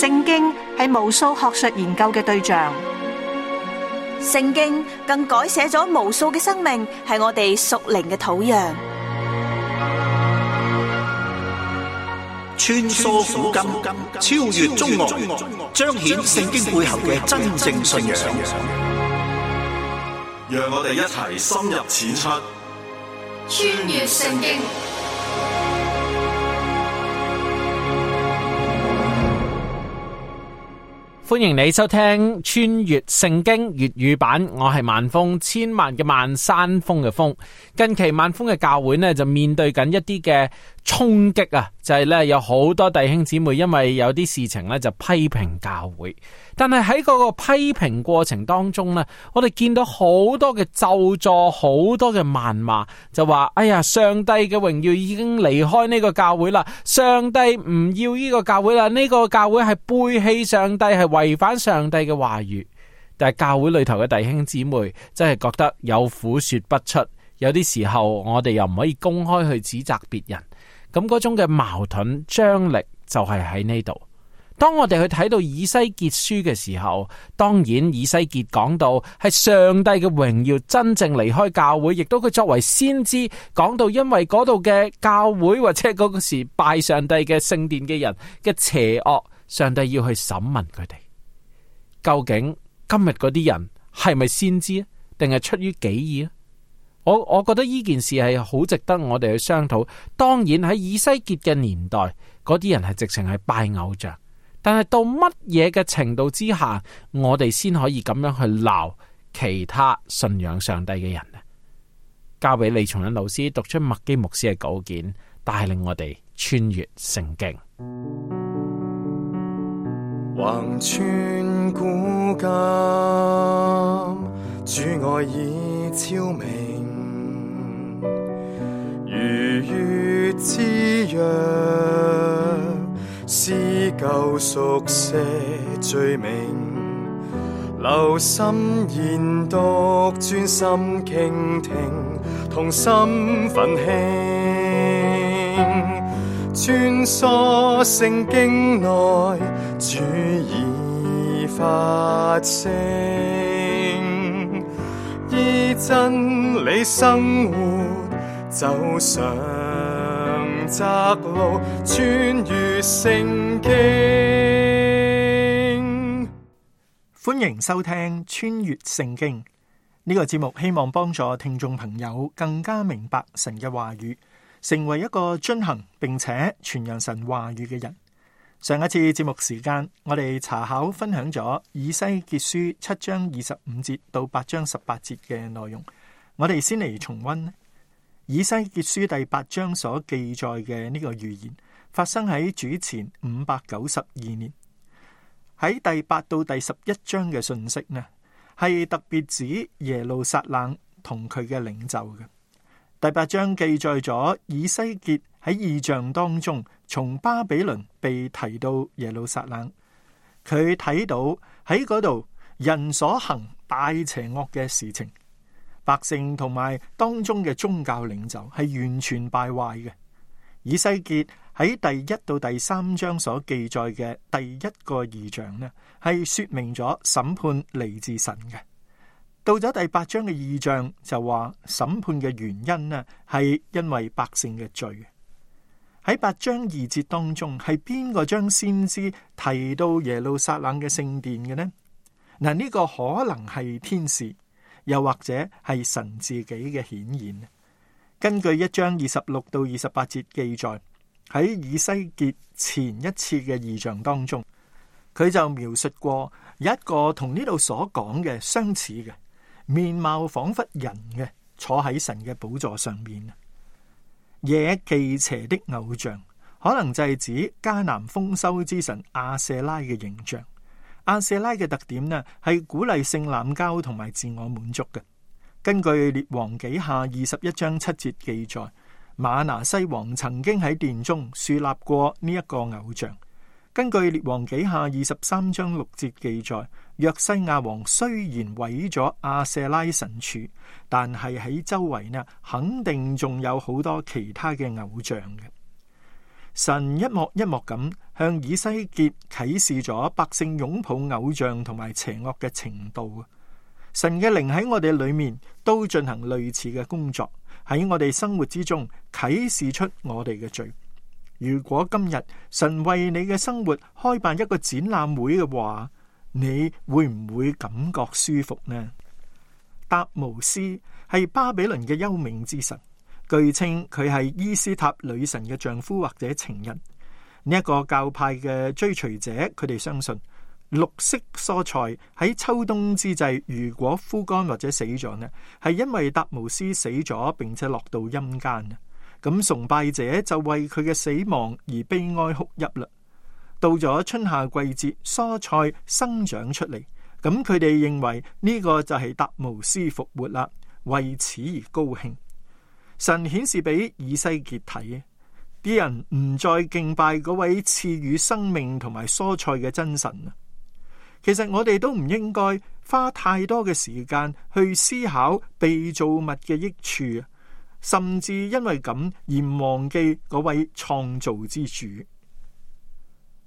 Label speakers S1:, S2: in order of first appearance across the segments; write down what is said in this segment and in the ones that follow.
S1: 聖經係無數學術研究嘅對象，聖經更改寫咗無數嘅生命，係我哋屬靈嘅土壤。穿梭古今，超越中國，彰顯聖經背後嘅真正信仰。讓我哋一齊深入淺出，穿越聖經。
S2: 歡迎你收聽穿越聖經粵語版，我係萬峰，千萬嘅萬山峰嘅峰。近期萬峰嘅教會呢，就面對緊一啲嘅。衝擊啊，就係、是、咧有好多弟兄姊妹，因為有啲事情咧就批評教會，但係喺嗰個批評過程當中呢，我哋見到好多嘅咒詛，好多嘅謾罵，就話哎呀，上帝嘅榮耀已經離開呢個教會啦，上帝唔要呢個教會啦，呢、這個教會係背棄上帝，係違反上帝嘅話語。但係教會裏頭嘅弟兄姊妹真係、就是、覺得有苦說不出，有啲時候我哋又唔可以公開去指責別人。咁嗰種嘅矛盾張力就係喺呢度。當我哋去睇到以西結書嘅時候，當然以西結講到係上帝嘅榮耀真正離開教會，亦都佢作為先知講到，因為嗰度嘅教會或者嗰個時拜上帝嘅聖殿嘅人嘅邪惡，上帝要去審問佢哋，究竟今日嗰啲人係咪先知啊，定係出於己意啊？我我覺得呢件事係好值得我哋去商討。當然喺以西結嘅年代，嗰啲人係直情係拜偶像。但係到乜嘢嘅程度之下，我哋先可以咁樣去鬧其他信仰上帝嘅人呢？交俾李松林老師讀出麥基牧師嘅稿件，帶領我哋穿越聖經。
S1: 橫穿古今，主愛已超明。如月之約，思舊熟悉罪名，留心研讀，專心傾聽，同心奮興，穿梭聖經內，主已發聲，依真理生活。走上窄路，穿越聖經。歡迎收聽《穿越聖經》呢個節目，希望幫助聽眾朋友更加明白神嘅話語，成為一個遵行並且傳揚神話語嘅人。上一次節目時間，我哋查考分享咗以西結書七章二十五節到八章十八節嘅內容，我哋先嚟重溫。以西結書第八章所記載嘅呢個預言，發生喺主前五百九十二年。喺第八到第十一章嘅信息呢，係特別指耶路撒冷同佢嘅領袖嘅。第八章記載咗以西結喺異象當中，從巴比倫被提到耶路撒冷，佢睇到喺嗰度人所行大邪惡嘅事情。百姓同埋當中嘅宗教領袖係完全敗壞嘅。以西結喺第一到第三章所記載嘅第一個異象呢，係說明咗審判嚟自神嘅。到咗第八章嘅異象，就話審判嘅原因呢，係因為百姓嘅罪。喺八章二節當中，係邊個將先知提到耶路撒冷嘅聖殿嘅呢？嗱、這、呢個可能係天使。又或者係神自己嘅顯現。根據一章二十六到二十八節記載，喺以西結前一次嘅異象當中，佢就描述過一個同呢度所講嘅相似嘅面貌，仿佛人嘅，坐喺神嘅寶座上面嘅忌邪的偶像，可能就係指迦南豐收之神阿舍拉嘅形象。阿亞舍拉嘅特點呢，係鼓勵性濫交同埋自我滿足嘅。根據《列王紀下》二十一章七節記載，馬拿西王曾經喺殿中樹立過呢一個偶像。根據《列王紀下》二十三章六節記載，約西亞王雖然毀咗阿亞舍拉神柱，但係喺周圍呢，肯定仲有好多其他嘅偶像嘅。神一幕一幕咁向以西結啟示咗百姓擁抱偶像同埋邪惡嘅程度。神嘅靈喺我哋裏面都進行類似嘅工作，喺我哋生活之中啟示出我哋嘅罪。如果今日神為你嘅生活開辦一個展覽會嘅話，你會唔會感覺舒服呢？達摩斯係巴比倫嘅幽冥之神。據稱，佢係伊斯塔女神嘅丈夫或者情人。呢、這、一個教派嘅追隨者，佢哋相信綠色蔬菜喺秋冬之際如果枯乾或者死咗，呢係因為達姆斯死咗並且落到陰間。咁崇拜者就為佢嘅死亡而悲哀哭泣啦。到咗春夏季節，蔬菜生長出嚟，咁佢哋認為呢個就係達姆斯復活啦，為此而高興。神顯示俾以西結睇，啲人唔再敬拜嗰位賜予生命同埋蔬菜嘅真神啦。其實我哋都唔應該花太多嘅時間去思考被造物嘅益處，甚至因為咁而忘記嗰位創造之主。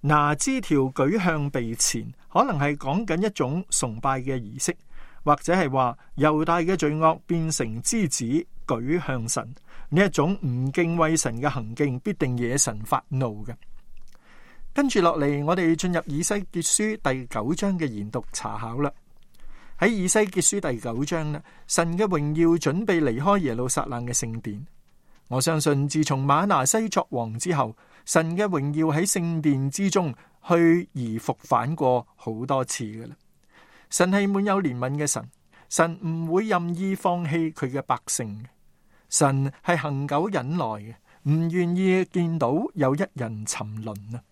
S1: 拿枝條舉向鼻前，可能係講緊一種崇拜嘅儀式。或者係話，猶大嘅罪惡變成之子舉向神，呢一種唔敬畏神嘅行徑，必定惹神發怒嘅。跟住落嚟，我哋進入以西結書第九章嘅研讀查考啦。喺以西結書第九章啦，神嘅榮耀準備離開耶路撒冷嘅聖殿。我相信自從瑪拿西作王之後，神嘅榮耀喺聖殿之中去而復返過好多次噶啦。神係滿有憐憫嘅神，神唔會任意放棄佢嘅百姓。神係恒久忍耐嘅，唔願意見到有一人沉淪啊！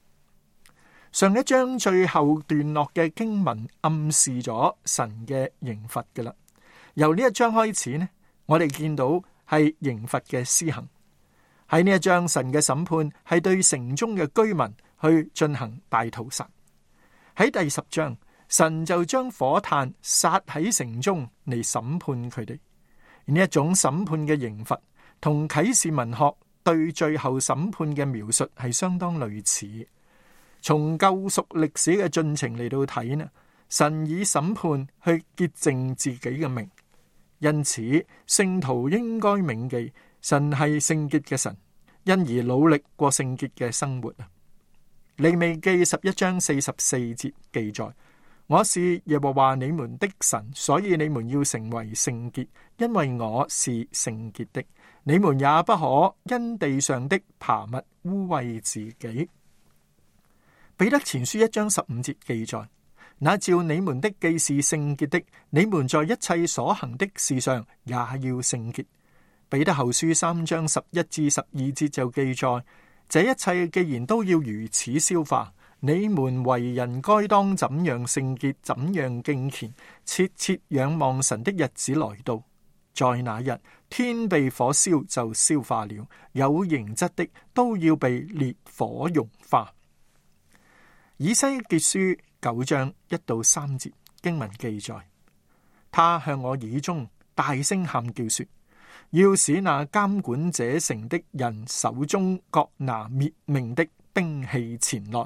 S1: 上一章最後段落嘅經文暗示咗神嘅刑罰㗎喇。由呢一章開始呢，我哋見到係刑罰嘅施行。喺呢一章，神嘅審判係對城中嘅居民去進行大屠殺。喺第十章。神就將火炭殺喺城中嚟審判佢哋。呢一種審判嘅刑罰，同啟示文學對最後審判嘅描述係相當類似。從救贖歷史嘅進程嚟到睇呢，神以審判去潔淨自己嘅命，因此聖徒應該銘記神係聖潔嘅神，因而努力過聖潔嘅生活啊。利未記十一章四十四節記載。我是耶和華你們的神，所以你們要成為聖潔，因為我是聖潔的。你們也不可因地上的爬物污穢自己。彼得前書一章十五節記載：那召你們的既是聖潔的，你們在一切所行的事上也要聖潔。彼得後書三章十一至十二節就記載：這一切既然都要如此消化。你們為人該當怎樣聖潔，怎樣敬虔，切切仰望神的日子來到。在那日，天被火燒就消化了，有形質的都要被烈火融化。以西結書九章一到三節經文記載，他向我耳中大聲喊叫說，說要使那監管這城的人手中各拿滅命的兵器前來。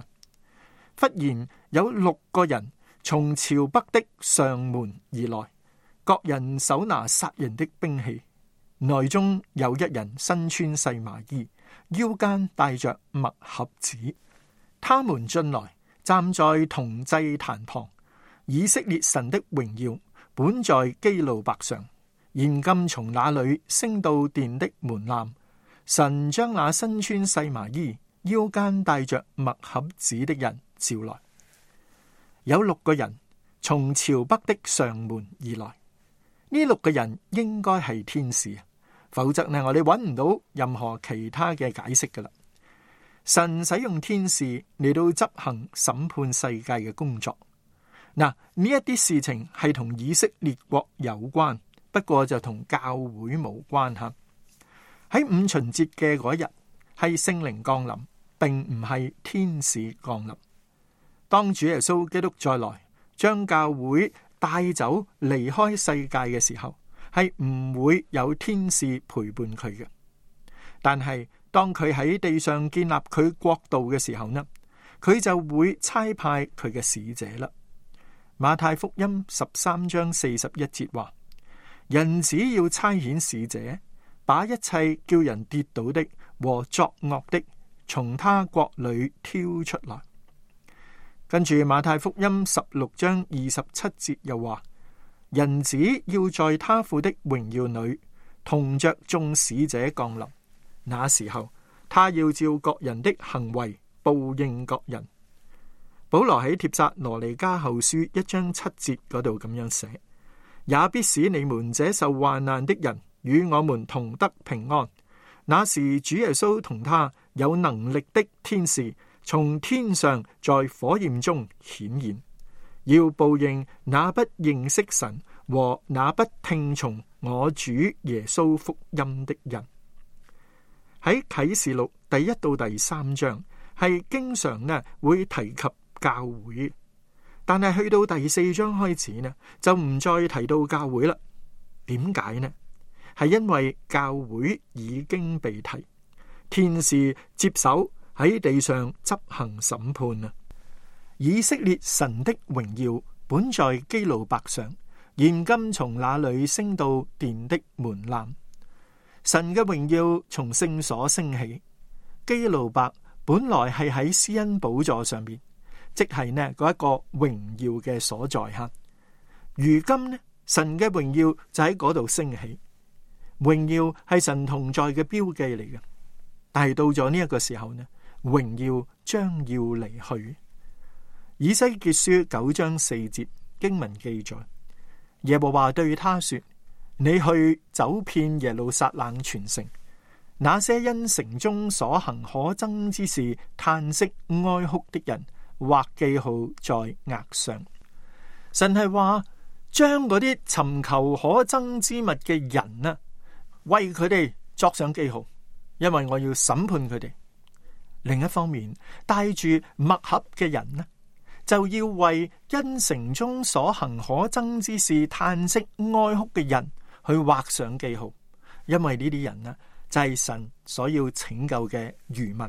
S1: 忽然有六個人從朝北的上門而來，各人手拿殺人的兵器。內中有一人身穿細麻衣，腰間帶着墨盒子。他們進來，站在銅祭壇旁。以色列神的榮耀本在基路伯上，現今從那裏升到殿的門檻。神將那身穿細麻衣、腰間帶着墨盒子的人。召來有六個人從朝北的上門而來。呢六個人應該係天使，否則呢，我哋搵唔到任何其他嘅解釋噶啦。神使用天使嚟到執行審判世界嘅工作。嗱，呢一啲事情係同以色列國有關，不過就同教會冇關吓。喺五旬節嘅嗰日，係聖靈降臨，並唔係天使降臨。當主耶穌基督再來，將教會帶走離開世界嘅時候，係唔會有天使陪伴佢嘅。但係當佢喺地上建立佢國度嘅時候呢，佢就會差派佢嘅使者啦。馬太福音十三章四十一節話：人子要差遣使者，把一切叫人跌倒的和作惡的，從他國裏挑出來。跟住《馬太福音》十六章二十七節又話：人子要在他父的榮耀裏同着眾使者降臨。那時候，他要照各人的行為報應各人。保羅喺帖撒羅尼加後書一章七節嗰度咁樣寫：也必使你們這受患難的人與我們同得平安。那時，主耶穌同他有能力的天使。從天上在火焰中顯現，要報應那不認識神和那不聽從我主耶穌福音的人。喺啟示錄第一到第三章係經常呢會提及教會，但係去到第四章開始呢，就唔再提到教會啦。點解呢？係因為教會已經被提，天使接手。喺地上執行審判。以色列神的榮耀,本在基路伯上,榮耀將要離去。以西結書九章四節經文記載，耶和華對他說：你去走遍耶路撒冷全城，那些因城中所行可憎之事嘆息哀哭的人，畫記號在額上。神係話：將嗰啲尋求可憎之物嘅人呢，為佢哋作上記號，因為我要審判佢哋。另一方面，帶住墨盒嘅人呢，就要為因城中所行可憎之事嘆息哀哭嘅人去畫上記號，因為呢啲人呢就係、是、神所要拯救嘅餘民。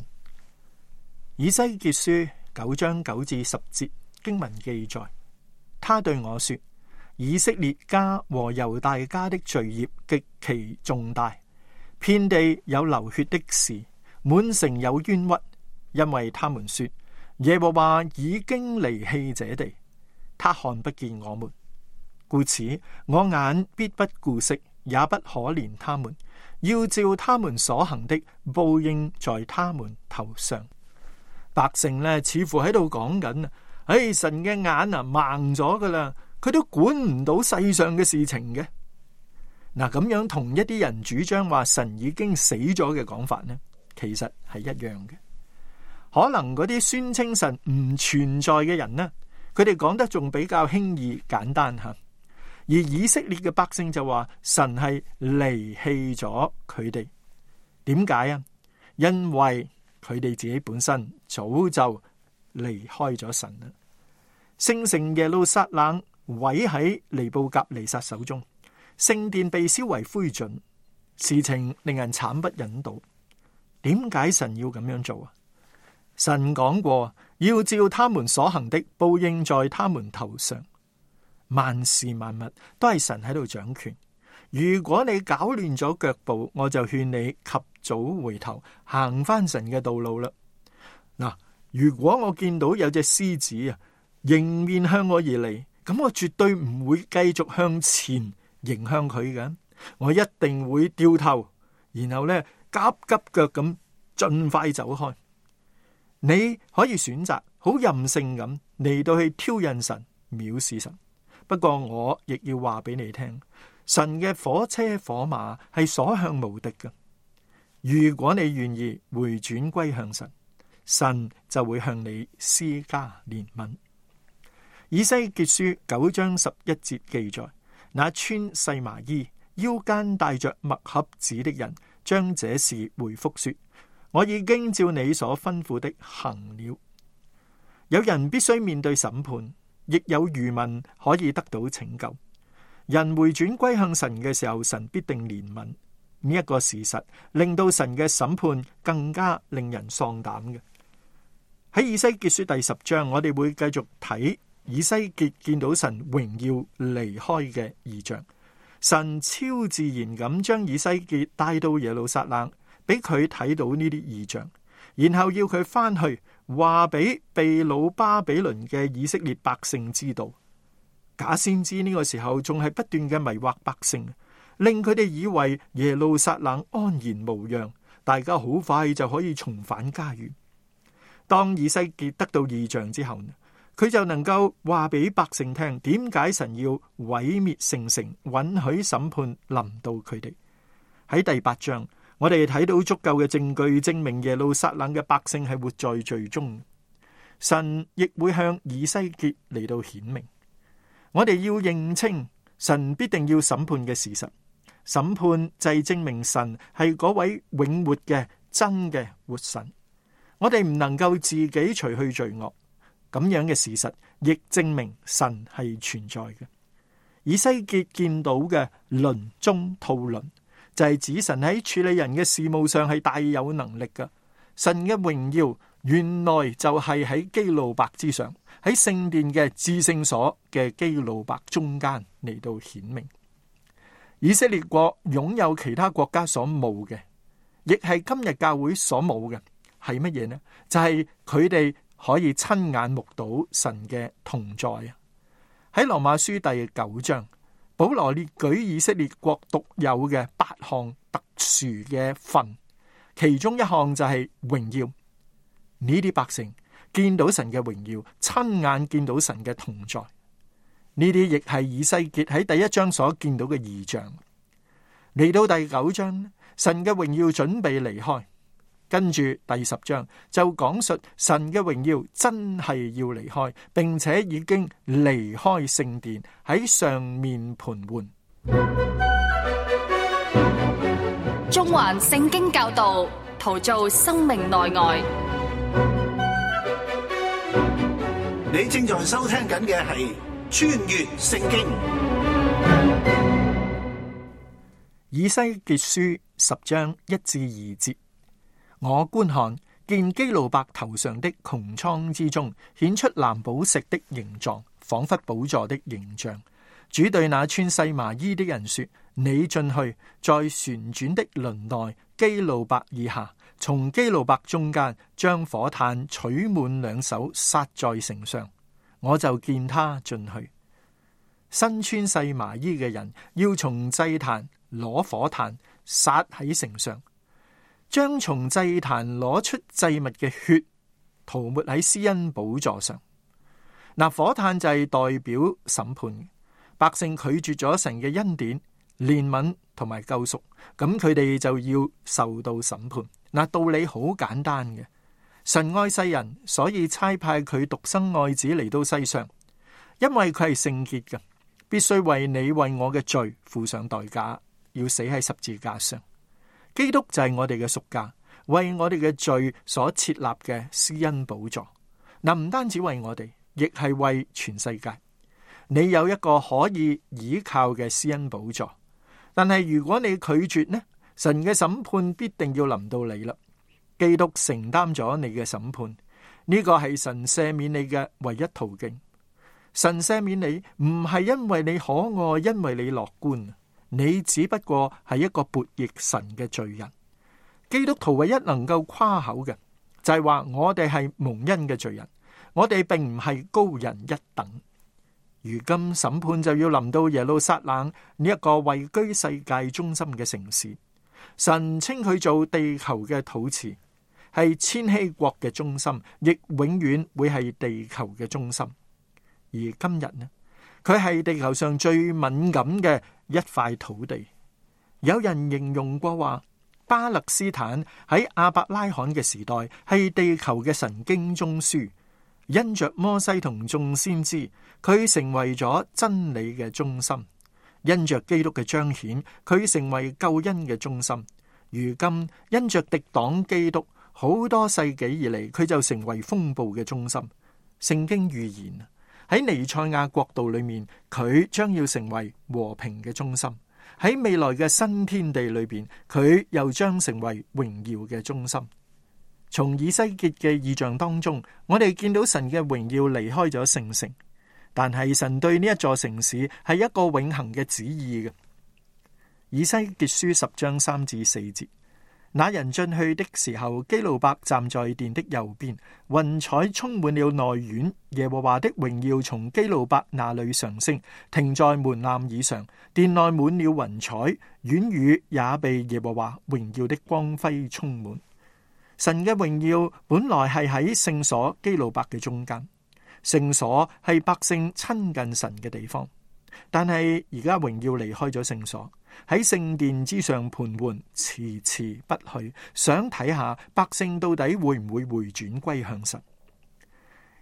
S1: 以西結書九章九至十節經文記載，他對我說：以色列家和猶大家的罪孽極其重大，遍地有流血的事。滿城有冤屈，因為他們說耶和華已經離棄這地，他看不見我們，故此我眼必不顧惜，也不可憐他們，要照他們所行的報應在他們頭上。百姓呢，似乎喺度講緊啊，哎，神嘅眼啊盲咗噶啦，佢都管唔到世上嘅事情嘅。嗱、啊、咁樣同一啲人主張話神已經死咗嘅講法呢。其實係一樣嘅，可能嗰啲宣稱神唔存在嘅人呢，佢哋講得仲比較輕易簡單吓。而以色列嘅百姓就話神係離棄咗佢哋，點解啊？因為佢哋自己本身早就離開咗神啦。聖城耶路撒冷毀喺尼布甲尼撒手中，聖殿被燒為灰燼，事情令人慘不忍睹。點解神要咁樣做啊？神講過要照他們所行的報應在他們頭上。萬事萬物都係神喺度掌權。如果你搞亂咗腳步，我就勸你及早回頭，行翻神嘅道路啦。嗱，如果我見到有隻獅子啊，迎面向我而嚟，咁我絕對唔會繼續向前迎向佢嘅，我一定會掉頭，然後呢。急急腳咁，盡快走開。你可以選擇好任性咁嚟到去挑釁神、藐視神。不過我亦要話俾你聽，神嘅火車火馬係所向無敵嘅。如果你願意回轉歸向神，神就會向你施加憐憫。以西結書九章十一節記載，那穿細麻衣、腰間帶着墨盒子的人。將這事回覆說，我已經照你所吩咐的行了。有人必須面對審判，亦有餘民可以得到拯救。人回轉歸向神嘅時候，神必定憐憫呢一個事實，令到神嘅審判更加令人喪膽嘅。喺以西結書第十章，我哋會繼續睇以西結見到神榮耀離開嘅異象。神超自然咁將以西結帶到耶路撒冷，俾佢睇到呢啲異象，然後要佢翻去話俾被擄巴比倫嘅以色列百姓知道。假先知呢個時候仲係不斷嘅迷惑百姓，令佢哋以為耶路撒冷安然無恙，大家好快就可以重返家園。當以西結得到異象之後，佢就能夠話俾百姓聽，點解神要毀滅聖城，允許審判臨到佢哋。喺第八章，我哋睇到足夠嘅證據，證明耶路撒冷嘅百姓係活在罪中。神亦會向以西結嚟到顯明，我哋要認清神必定要審判嘅事實。審判就係證明神係嗰位永活嘅真嘅活神。我哋唔能夠自己除去罪惡。咁樣嘅事實，亦證明神係存在嘅。以西結見到嘅輪中套輪，就係指神喺處理人嘅事務上係大有能力嘅。神嘅榮耀原來就係喺基路伯之上，喺聖殿嘅至聖所嘅基路伯中間嚟到顯明。以色列國擁有其他國家所冇嘅，亦係今日教會所冇嘅，係乜嘢呢？就係佢哋。可以親眼目睹神嘅同在啊！喺羅馬書第九章，保羅列舉以色列國獨有嘅八項特殊嘅份，其中一項就係榮耀。呢啲百姓見到神嘅榮耀，親眼見到神嘅同在。呢啲亦係以西結喺第一章所見到嘅異象。嚟到第九章，神嘅榮耀準備離開。跟住第十章就講述神嘅榮耀真係要離開，並且已經離開聖殿，喺上面盤桓。中環聖經教導，陶造生命內外。你正在收聽緊嘅係穿越聖經，以西結書十章一至二節。我觀看見基路伯頭上的穹蒼之中顯出藍寶石的形狀，仿佛寶座的形象。主對那穿細麻衣的人說：你進去，在旋轉的輪內，基路伯以下，從基路伯中間將火炭取滿兩手，撒在城上。我就見他進去，身穿細麻衣嘅人要從祭壇攞火炭，撒喺城上。將從祭壇攞出祭物嘅血，塗抹喺施恩寶座上。嗱，火炭就係代表審判，百姓拒絕咗神嘅恩典、憐憫同埋救贖，咁佢哋就要受到審判。嗱，道理好簡單嘅，神愛世人，所以差派佢獨生愛子嚟到世上，因為佢係聖潔嘅，必須為你為我嘅罪付上代價，要死喺十字架上。基督就係我哋嘅贖價，為我哋嘅罪所設立嘅施恩寶座。嗱,唔單止為我哋，亦係為全世界。你有一個可以倚靠嘅施恩寶座，但係如果你拒絕呢，神嘅審判必定要臨到你啦。基督承擔咗你嘅審判，呢、這個係神赦免你嘅唯一途徑。神赦免你，唔係因為你可愛，因為你樂觀。你只不過係一個悖逆神嘅罪人，基督徒唯一能夠誇口嘅就係話我哋係蒙恩嘅罪人，我哋並唔係高人一等。如今審判就要臨到耶路撒冷呢一個位居世界中心嘅城市，神稱佢做地球嘅肚臍，係千禧國嘅中心，亦永遠會係地球嘅中心。而今日呢？佢係地球上最敏感嘅一塊土地。有人形容過話，巴勒斯坦喺亞伯拉罕嘅時代係地球嘅神經中樞。因着摩西同眾先知，佢成為咗真理嘅中心。因着基督嘅彰顯，佢成為救恩嘅中心。如今因着敵擋基督，好多世紀以嚟，佢就成為風暴嘅中心。聖經預言。喺尼塞亞國度裏面，佢將要成為和平嘅中心；喺未來嘅新天地裏邊，佢又將成為榮耀嘅中心。從以西結嘅異象當中，我哋見到神嘅榮耀離開咗聖城，但係神對呢一座城市係一個永恆嘅旨意嘅。以西結書十章三至四節。那人進去的時候，基路伯站在殿的右邊，雲彩充滿了內院。耶和華的榮耀從基路伯那裏上升，停在門檻以上。殿內滿了雲彩，院宇也被耶和華榮耀的光輝充滿。神嘅榮耀本來係喺聖所基路伯嘅中間，聖所係百姓親近神嘅地方，但係而家榮耀離開咗聖所。喺聖殿之上盤桓，遲遲不去，想睇下百姓到底會唔會回轉歸向神。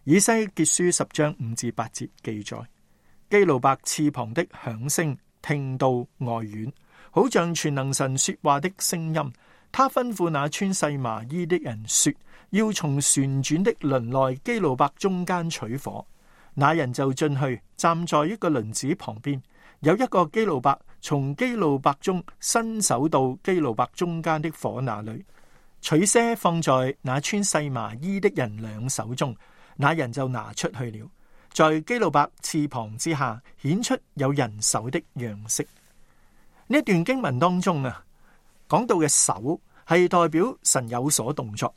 S1: 以西結書十章五至八節記載：基路伯翅膀的響聲聽到外院，好像全能神說話的聲音。他吩咐那穿細麻衣的人說：要從旋轉的輪內基路伯中間取火。那人就進去，站在一個輪子旁邊。有一個基路伯從基路伯中伸手到基路伯中間的火那裏，取些放在那穿細麻衣的人兩手中，那人就拿出去了。在基路伯翅膀之下顯出有人手的樣式。呢段經文當中啊，講到嘅手係代表神有所動作。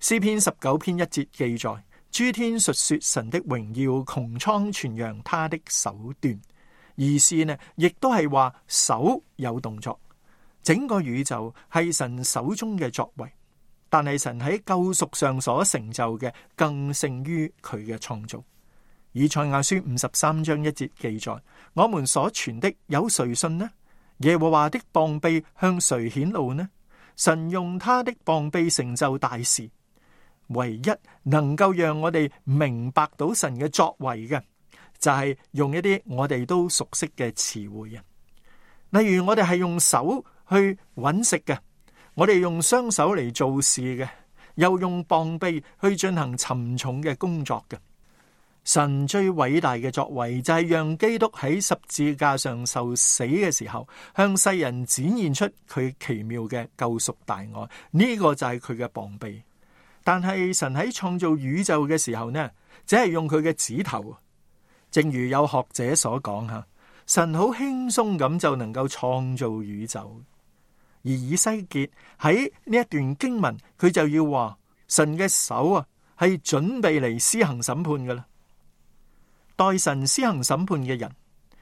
S1: 詩篇十九篇一節記載：諸天述說神的榮耀，穹蒼傳揚他的手段。而是呢，亦都係話手有動作，整個宇宙係神手中嘅作為。但係神喺救贖上所成就嘅，更勝於佢嘅創造。以賽亞書五十三章一節記載：我們所傳的有誰信呢？耶和華的膀臂向誰顯露呢？神用他的膀臂成就大事，唯一能夠讓我哋明白到神嘅作為嘅。就係用一啲我哋都熟悉嘅詞彙嘅，例如我哋係用手去揾食嘅，我哋用雙手嚟做事嘅，又用棒臂去進行沉重嘅工作嘅。神最偉大嘅作為就係讓基督喺十字架上受死嘅時候，向世人展現出佢奇妙嘅救贖大愛。呢個就係佢嘅棒臂，但係神喺創造宇宙嘅時候呢，只係用佢嘅指頭。正如有學者所講吓，神好輕鬆咁就能夠創造宇宙，而以西結喺呢一段經文，佢就要話神嘅手啊，係準備嚟施行審判㗎喇。代神施行審判嘅人，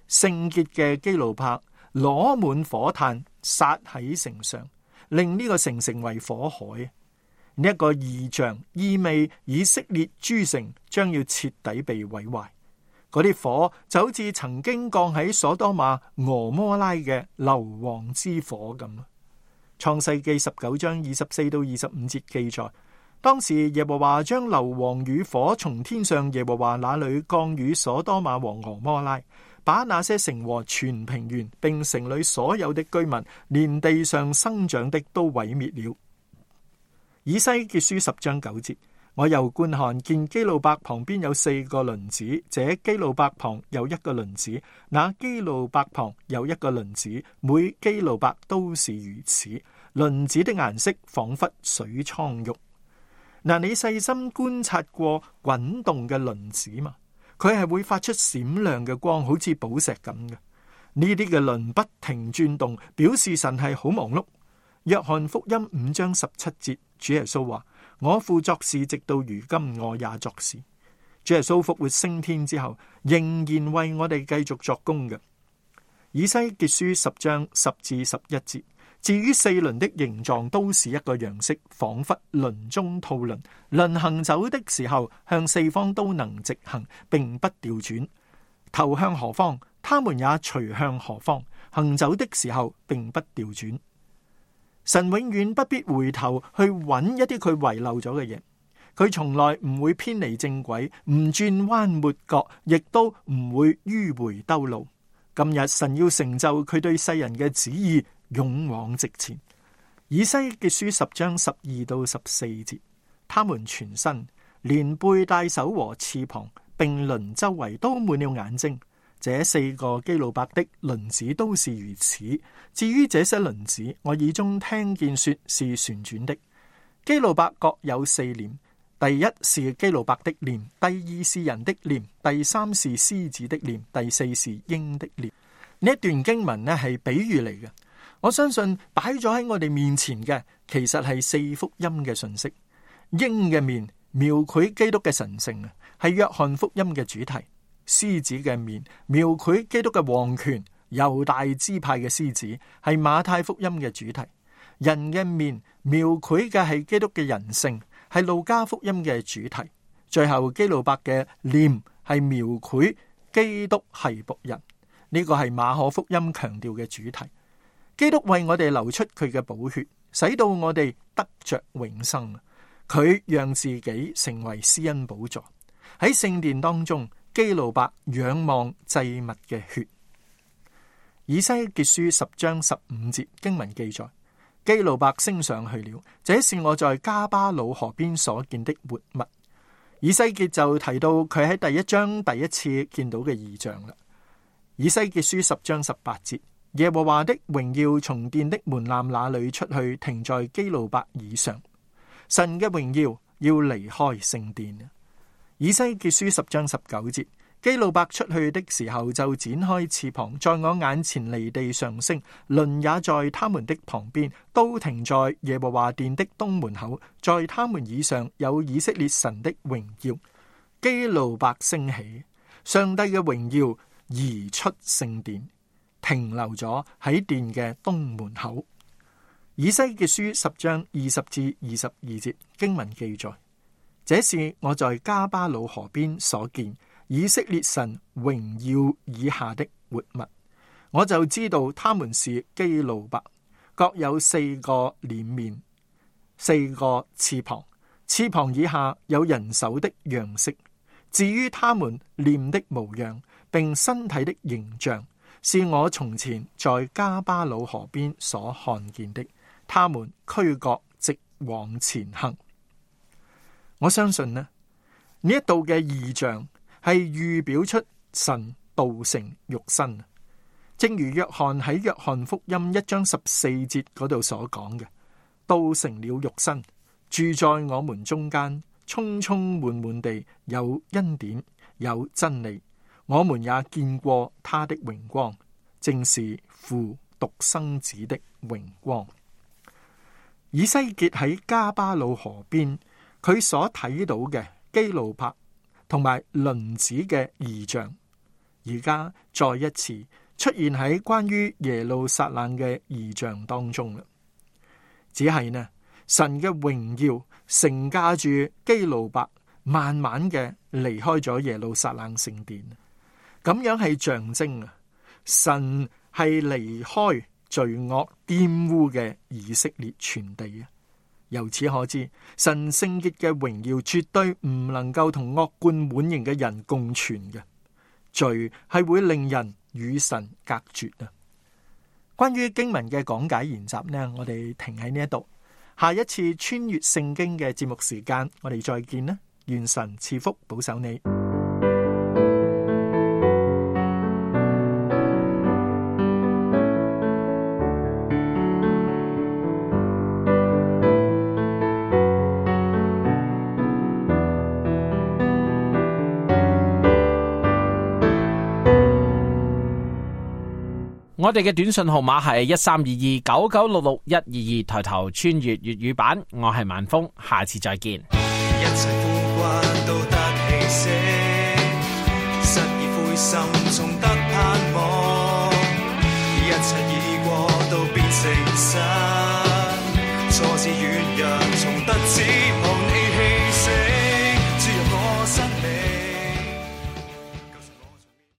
S1: 聖潔嘅基路柏攞滿火炭，撒喺城上，令呢個城成為火海。呢、這、一個異象意味以色列諸城將要徹底被毀壞。嗰啲火就好似曾經降喺所多瑪俄摩拉嘅硫磺之火咁啊！創世紀十九章二十四到二十五節記載，當時耶和華將硫磺與火從天上耶和華那裏降於所多瑪和俄摩拉，把那些城和全平原，並城裏所有的居民，連地上生長的都毀滅了。以西結書十章九節。我又觀看見基路伯旁邊有四個輪子，這基路伯旁有一個輪子，那基路伯旁有一個輪子，每基路伯都是如此。輪子的顏色仿佛水蒼玉。嗱，你細心觀察過滾動嘅輪子嘛？佢係會發出閃亮嘅光，好似寶石咁嘅。呢啲嘅輪不停轉動，表示神係好忙碌。約翰福音五章十七節，主耶穌話：我父作事，直到如今，我也作事。主耶穌復活升天之後，仍然為我哋繼續作工嘅。以西結書十章十至十一節。至於四輪的形狀，都是一個樣式，仿佛輪中套輪。輪行走的時候，向四方都能直行，並不調轉。頭向何方，他們也隨向何方。行走的時候，並不調轉。神永遠不必回頭去揾一啲佢遺漏咗嘅嘢，佢從來唔會偏離正軌，唔轉彎抹角，亦都唔會迂迴兜路。今日神要成就佢對世人嘅旨意，勇往直前。以西結書十章十二到十四節，他們全身，連背帶手和翅膀，並輪周圍都滿了眼睛。這四個基路伯的輪子都是如此。至於這些輪子，我耳中聽見說是旋轉的。基路伯各有四臉：第一是基路伯的臉，第二是人的臉，第三是獅子的臉，第四是鷹的臉。呢一段經文咧係比喻嚟嘅。我相信擺咗喺我哋面前嘅，其實係四福音嘅信息。鷹嘅面描繪基督嘅神聖啊，係約翰福音嘅主題。獅子嘅面描繪基督嘅皇權，猶大支派嘅獅子係馬太福音嘅主題；人嘅面描繪嘅係基督嘅人性，係路加福音嘅主題。最後基路伯嘅臉係描繪基督係僕人，呢、這個係馬可福音強調嘅主題。基督為我哋流出佢嘅寶血，使到我哋得着永生。佢讓自己成為施恩寶座喺聖殿當中。基路伯仰望祭物嘅血。以西結書十章十五節經文記載：基路伯升上去了，這是我在加巴魯河邊所見的活物。以西結就提到佢喺第一章第一次見到嘅異象啦。以西結書十章十八節：耶和華的榮耀從殿的門檻那裏出去，停在基路伯以上。神嘅榮耀要離開聖殿。以西結書十章十九節：基路伯出去的時候，就展開翅膀，在我眼前離地上升，輪也在他們的旁邊，都停在耶和華殿的東門口，在他們以上有以色列神的榮耀。基路伯升起，上帝嘅榮耀移出聖殿，停留咗喺殿嘅東門口。以西結書十章二十至二十二節經文記載。這是我在加巴魯河邊所見以色列神榮耀以下的活物，我就知道他們是基路伯，各有四個臉面，四個翅膀，翅膀以下有人手的樣式。至於他們臉的模樣並身體的形象，是我從前在加巴魯河邊所看見的。他們俱各直往前行。我相信呢呢一度嘅異象係預表出神道成肉身，正如約翰喺約翰福音一章十四節嗰度所講嘅，道成了肉身，住在我們中間，充充滿滿地，有恩典，有真理。我們也見過他的榮光，正是父獨生子的榮光。以西結喺加巴魯河邊。佢所睇到嘅基路伯同埋輪子嘅異象，而家再一次出現喺關於耶路撒冷嘅異象當中。只係呢，神嘅榮耀乘駕住基路伯，慢慢嘅離開咗耶路撒冷聖殿，咁樣係象徵啊，神係離開罪惡玷污嘅以色列全地啊。由此可知，神聖潔嘅榮耀絕對唔能夠同惡貫滿盈嘅人共存嘅，罪係會令人與神隔絕啊！關於經文嘅講解研習呢，我哋停喺呢一度。下一次穿越聖經嘅節目時間，我哋再見啦！願神賜福保守你。
S2: 我哋嘅短信號碼係一三二二九九六六一二二，抬頭穿越粵語版，我係萬峰，下次再見。